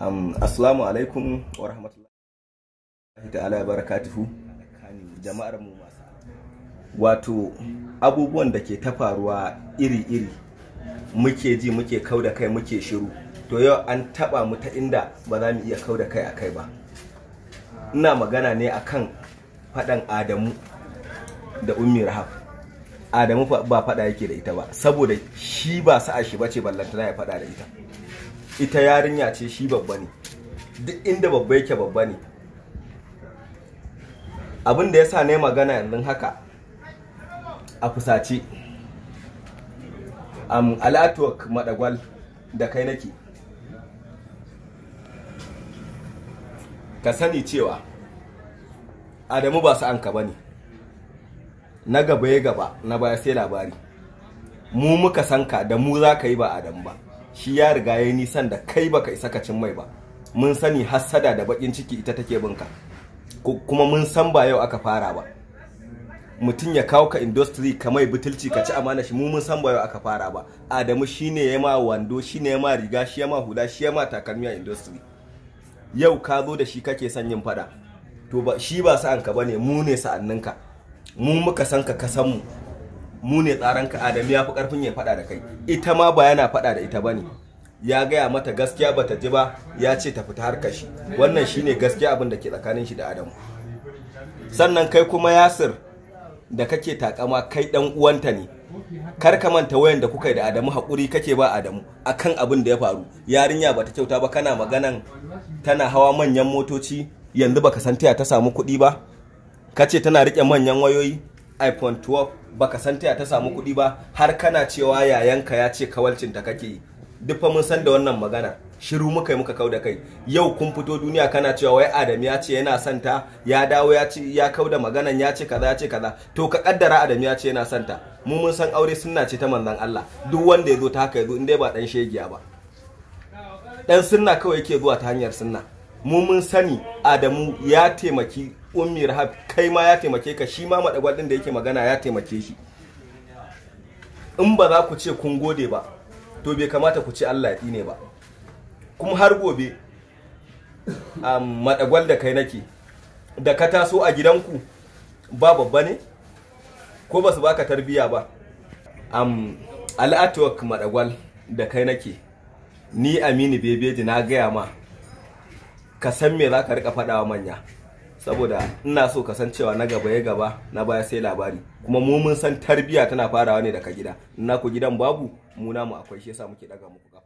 um, assalamu alaikum wa rahmatullahi ta'ala jama'ar mu masu wato abubuwan da ke ta faruwa iri-iri muke ji muke kau da kai muke shiru to yau an taba mu ta inda ba za mu iya kau da kai a kai ba ina magana ne akan faɗan adamu da ummi rahab adamu ba faɗa yake da ita ba saboda shi ba sa'a shi bace ballantana ya faɗa da ita ita yarinya ce shi babba ne duk inda babba yake babba ne abin da ya sa ne magana yanzu haka a fusace am alatwak madagwal da kai nake ka sani cewa adamu ba su an ka bane na gaba ya gaba na baya sai labari mu muka sanka da mu za ka yi ba adamu ba shi ya riga ya nisan da kai baka isa ka cin mai ba mun sani hassada da bakin ciki ita take binka kuma mun san ba yau aka fara ba mutum ya kawo ka industry ka mai butulci ka ci amana shi mu mun san ba yau aka fara ba adamu shine ya ma wando shine ya ma riga shi ya ma hula shi ya ma takalmi a industry yau ka zo da shi kake son yin fada to ba shi ba sa'anka bane mu ne sa'anninka mu muka san ka kasan mu mu ne tsaranka adamu ya fi karfin ya faɗa da kai ita ma ba yana faɗa da ita ba ne ya gaya mata gaskiya bata ji ba ya ce ta fita harkar shi wannan shine gaskiya abin da ke tsakanin shi da adamu sannan kai kuma yasir da kake takama kai dan uwanta ne kar ka manta wayan da kuka yi da adamu hakuri kake ba adamu akan abin da ya faru yarinya bata kyauta ba kana maganan tana hawa manyan motoci yanzu baka san taya ta samu kuɗi ba kace tana rike manyan wayoyi iphone 12 baka san taya ta samu kuɗi ba har kana cewa yayanka ya ce kawalcin ta kake yi duk fa mun san da wannan magana shiru muka yi muka kau da kai yau kun fito duniya kana cewa wai adam ya ce yana son ta ya dawo ya ce ya kau da maganan ya ce kaza ya ce kaza to ka kaddara adam ya ce yana son ta mu mun san aure sunna ce ta manzon Allah duk wanda ya zo ta haka ya zo in dai ba dan shegiya ba dan sunna kawai yake zuwa ta hanyar sunna mu mun sani adamu ya taimaki ummi rahab kai ma ya taimake ka shi ma madagwal din da yake magana ya taimake shi in ba za ku ce kun gode ba to bai kamata ku ce Allah ya ne ba kuma har gobe a madagwal da kai nake da ka taso a gidanku ba babba ne ko ba su baka tarbiya ba am al'atwak madagwal da kai nake ni aminu bebeji na gaya ma ka san me za ka rika faɗawa manya saboda ina so ka san cewa na gaba ya gaba na baya sai labari kuma mu mun san tarbiyya tana farawa ne daga gida na ku gidan babu mu namu akwai shi yasa muke daga muku